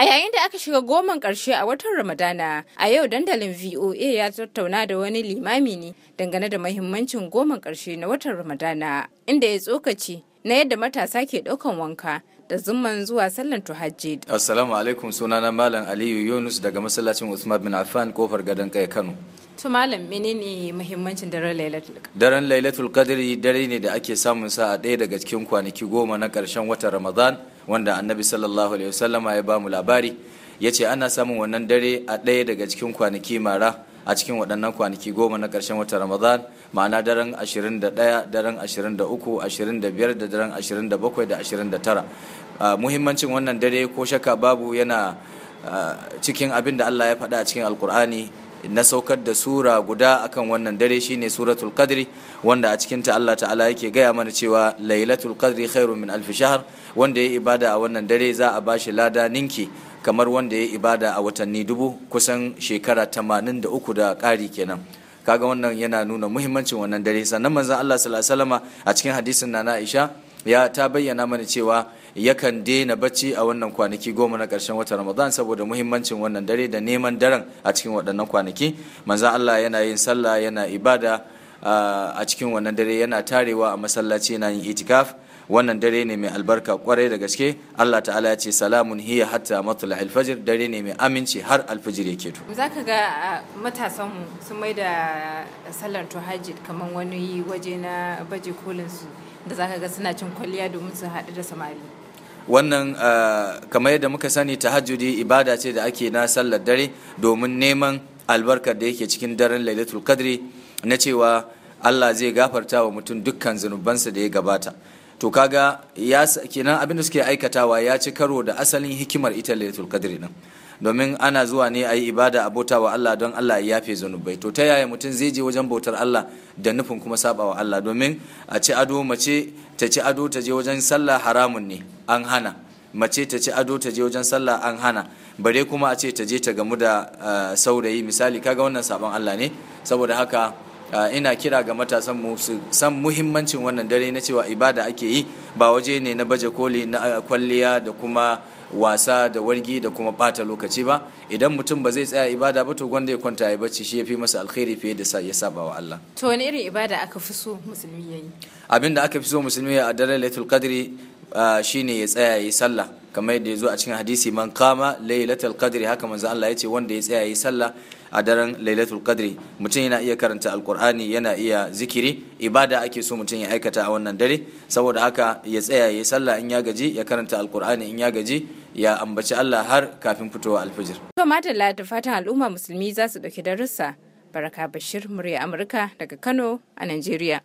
A yayin da aka shiga goman ƙarshe a watan Ramadana, a yau dandalin VOA ya tattauna da wani limami ne dangane da mahimmancin goman ƙarshe na watan Ramadana, inda ya tsokaci na yadda matasa ke ɗaukan wanka da zumman zuwa sallan tuhajjid. Assalamu alaikum sunana Malam Aliyu Yunus daga masallacin Usman bin Affan kofar gadon kai Kano. To malam menene muhimmancin daren Lailatul Qadr? Daren Lailatul Qadr dare ne da ake samun sa a ɗaya daga cikin kwanaki goma na ƙarshen watan Ramadan wanda annabi sallallahu alaihi wasallama ya bamu labari ya ce ana samun wannan dare a ɗaya daga cikin kwanaki mara a cikin waɗannan kwanaki goma na ƙarshen wata ramadan ma'ana daren 21 daren 23 25 da daren 27 da 29 muhimmancin wannan dare ko shaka babu yana cikin abin da allah ya faɗa a cikin alkur'ani na saukar da sura guda akan wannan dare shine suratul kadri wanda a cikin ta Allah ta'ala yake gaya mana cewa lailatul kadri khairun min alf shahr wanda ya ibada a wannan dare za a bashi lada ninki kamar wanda ya ibada a watanni dubu kusan shekara 83 da ƙari kenan kaga wannan yana nuna muhimmancin wannan dare sannan manzon Allah sallallahu alaihi wasallama a cikin hadisin na Aisha ya ta bayyana mana cewa yakan daina bacci a wannan kwanaki goma na ƙarshen watan ramadan saboda muhimmancin wannan dare da neman daren a cikin waɗannan kwanaki manzan allah yana yin sallah yana ibada ah, a cikin wannan dare yana tarewa a masallaci yana yin itikaf wannan dare ne mai albarka kwarai da gaske Allah ta'ala ya ce salamun hiya hatta matla alfajir dare ne mai aminci har alfajir ya to za ka ga matasanmu sun mai da sallar tuhajid kamar wani waje na baje kolin su da za ka ga suna cin kwalliya domin su haɗu da samari wannan kamar yadda muka sani tahajjudi ibada ce da ake na sallar dare domin neman albarkar da yake cikin daren lailatul kadri na cewa Allah zai gafarta wa mutum dukkan zunubansa da ya gabata to kaga ya kenan abin da suke aikatawa ya ci karo da asalin hikimar ita lailatul qadri nan domin ana zuwa ne a yi ibada a bauta wa Allah don Allah ya yafe zunubai to ta yaya mutum zai je wajen bautar Allah da nufin kuma saba wa Allah domin a ci ado mace ta ci ado ta je wajen sallah haramun ne an hana mace ta ci ado ta je wajen sallah an hana bare kuma a ce ta je ta gamu da eh, saurayi misali kaga wannan sabon Allah ne saboda haka Ah, ina kira ga matasan mu su san muhimmancin wannan dare na cewa ibada ake yi ba waje ne na baje koli na ah, kwalliya da kuma wasa da wargi da kuma bata lokaci ba idan mutum ba zai tsaya ibada ba to gwanda ya kwanta ya bacci shi ya fi masa alkhairi fiye da ya saba wa Allah to wani irin ibada aka fi so musulmi yayi abin da aka fi so musulmi a daren Lailatul Qadri ah, shine ya tsaya ya yi sallah kamar yadda ya zo a cikin hadisi man kama lailatul qadri haka manzo Allah ya ce wanda ya tsaya yi sallah a daren lailatul qadri mutum yana iya karanta alkur'ani yana iya zikiri ibada ake so mutum ya aikata a wannan dare saboda haka ya tsaya ya sallah in ya gaji ya karanta alkur'ani in ya gaji ya ambaci Allah har kafin fitowa alfijir to madalla da fatan al'umma musulmi za su dauki darussa baraka bashir murya amurka daga kano a nigeria.